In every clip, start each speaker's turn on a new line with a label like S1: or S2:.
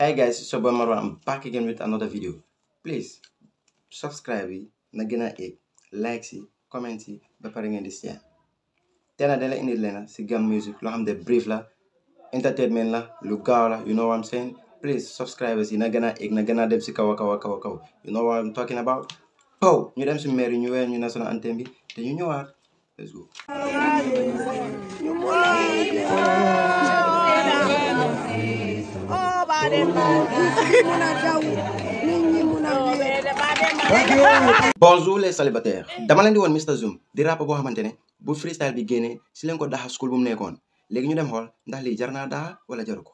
S1: hey guys so boy Marwan I'm back again with another video please subscribe yi na like si comment si ba pare ngeen di share tey in dañ lena, si Gam Music lo ham brief la entertainment la lu gaaw la you know what I'm saying please subscribe si na gën a na dem si kawa. kawa kawa kawa. you know what I'm talking about Po, new dem si mairie ñu weer ñu national anthem then you know what? let's go bonjour les célibataires dama leen di woon Mr Zoum di rap boo xamante ne bu freestyle bi génnee si leen ko daxa school bu nekkoon léegi ñu dem xool ndax lii jar naa daa wala jaru ko.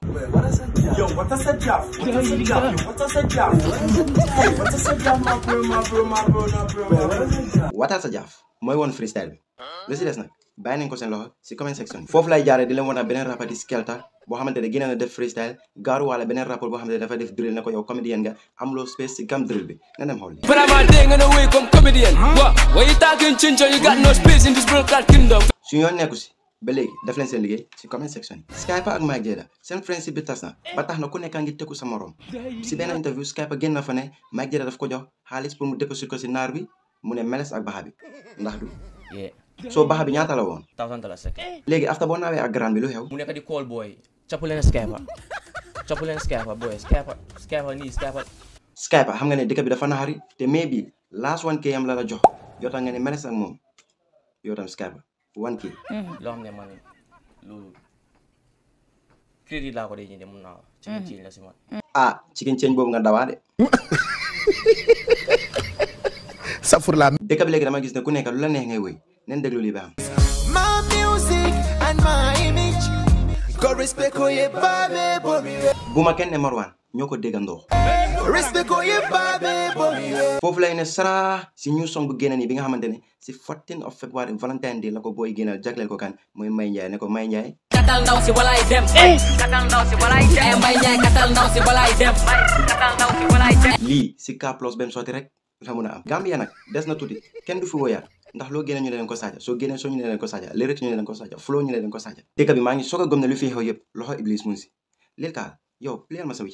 S1: wata sa jaaf mooy woon freestyle bi lu si des nag. bàyyi ko sen loxo ci comment section bi lay jaaree di len wona benen rapper di Skelta bo xamantene gina na def freestyle gaaru wala benen rapper bo xamantene dafa def drill nako yow comedian nga am lo space ci gam drill bi na dem xool vraiment dee nga ne ah. way comme comedian wa way you talking you got no space in this broadcast kingdom su yon neku ci ba léegi def len sen liguey ci comment section Skype ak Mike jeda sen friendship bi tas ba tax na ku nekk nga tekku sa morom ci benen interview Skype génn na fa ne Mike jeda daf ko jox xaliss pour mu déposit ko ci nar bi mu ne meles ak bahabi ndax du yeah soo baxa bi ñaata la woon. thousand la sekk. léegi after boo naawee ak grand bi lu xew. mu nekk di call booy. cappu leen skyper cappu leen booy skyper skyper nii skyper. skyper xam nga ne dëkk bi dafa naxari te mais bi last one kii am la la jox jota nga ne mm-hmm. ne man loolu crédit laa ko dee mun naa chicken change la si man. Mm-hmm. ah chicken change boobu nga dawaa de. safur laa. bi léegi dama gis ne ku nekk lu la neex ngay wéy. nañ déglu li baax my music and my image go respect ko ye babe bomi bu ma kenn ne marwan ñoo degando respect ko ye babe bomi foofu lay ne sara si new song bu génne nii bi nga xamante si 14 of february valentine day la ko booy génnal jagleel ko kan mooy may njaay ne ko may njaay katal ndaw si walay dem eh, katal ndaw si walay dem eh, mbay njaay katal ndaw si walay dem katal ndaw si walay dem li si k plus bem sotti rek la mun am gambia nak des na tuuti kenn du fi woyaat ndax loo génne ñu ne leen ko saaja soo génne soo ñu ne leen ko saaja léerëcc ñu ne leen ko saaja flow ñu ne leen ko saaja a gëm ne lu fi xew yëpp loxo iblis mu ngi si lil kaa yow pleel ma sax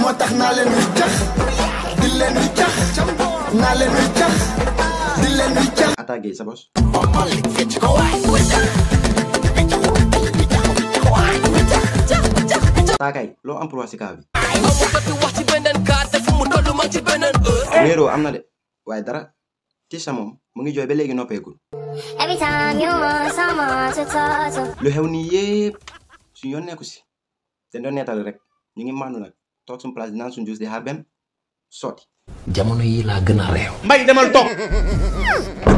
S1: moo tax naa leen wiccax di leen wiccax naa leen wiccax di leen wiccax attaqué sa bos taakay loo am pour wax si am na de waaye dara Tisha moom mu ngi jooy ba léegi noppeegul. lu xew nii yëpp suñu yoon nekku si te doon rek ñu ngi maanu nag toog suñu place di naan suñu juus di benn sotti. jamono yii laa gën a réew. mbay demal toog.